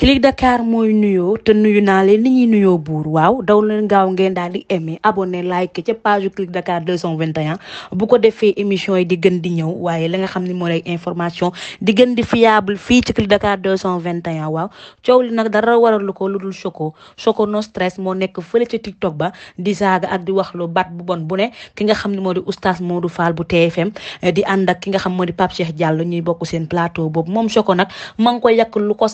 Click Dakar mooy nuyoo te nuyu naa leen ni ñuy nuyoo buur waaw daw leen gaaw ngeen daal di aimer abonné like ca page Click Dakar 221 bu ko defee émission yi di gën di ñëw waaye la nga xam ni moo lay information di gën di fiable fii ci Click Dakar 221 waaw coow li nag dara waralu ko lu dul Choco soko no stress moo nekk fële ca TikTok ba di saaga ak di wax lu bat bu bon bu ne ki nga xam ne moo di oustaz Modou Fall bu TFM eh, di ànd ak ki nga xam moo di Pape Cheikh ñuy bokk seen plateau boobu moom Choco ko yàq lu ko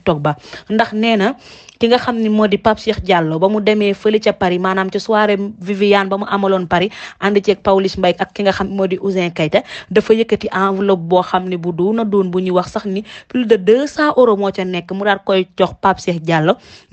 TikTok ba ndax nee na ki nga xam ni moo di Pape Cheikh ba mu demee fële a Paris maanaam ca Viviane ba mu amaloon pari ànd ceek Pawlish Mbaye ak ki nga xam moo di Ouzin Keita dafa yëkkati enveloppe boo xam ne bu doon a doon bu ñuy wax sax ni plus de deux cent euros moo ca nekk mu daal koy jox Pape Cheikh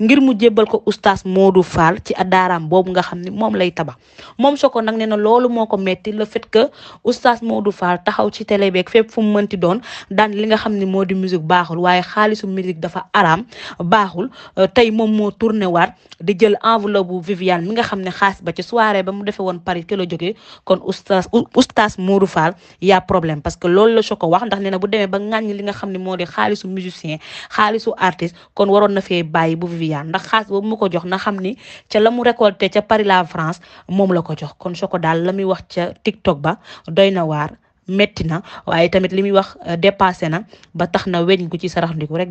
ngir mu jébbal ko oustaz Modou Fall ci daaraam boobu nga xam ni moom lay tabax moom Soko nag nee na loolu moo ko metti le fait que oustaz Modou Fall taxaw ci télé beeg fépp fu mu mënti doon daan li nga xam ne moo di musique baaxul waaye xaalisu musique dafa araam baaxul tey moom moo tourné waat di jël enveloppe bu Viviane mi nga xam ne xaas ba ca soirée ba mu defee woon Paris ki la jógee kon oustaz oustaz Modou Fall y'a problème parce que loolu la Choco wax ndax nee na bu demee ba ŋàññ li nga xam ne moo di xaalisu musicien xaalisu artiste kon waroon na fee bàyyi bu Viviane ndax xaas boobu mu ko jox na xam ni ca la mu récolté ca Paris la France moom la ko jox kon Choco daal la muy wax ca TikTok ba doy na waar metti na waaye tamit li muy wax dépassé na ba tax na weñ gu ci sarax ndiku rek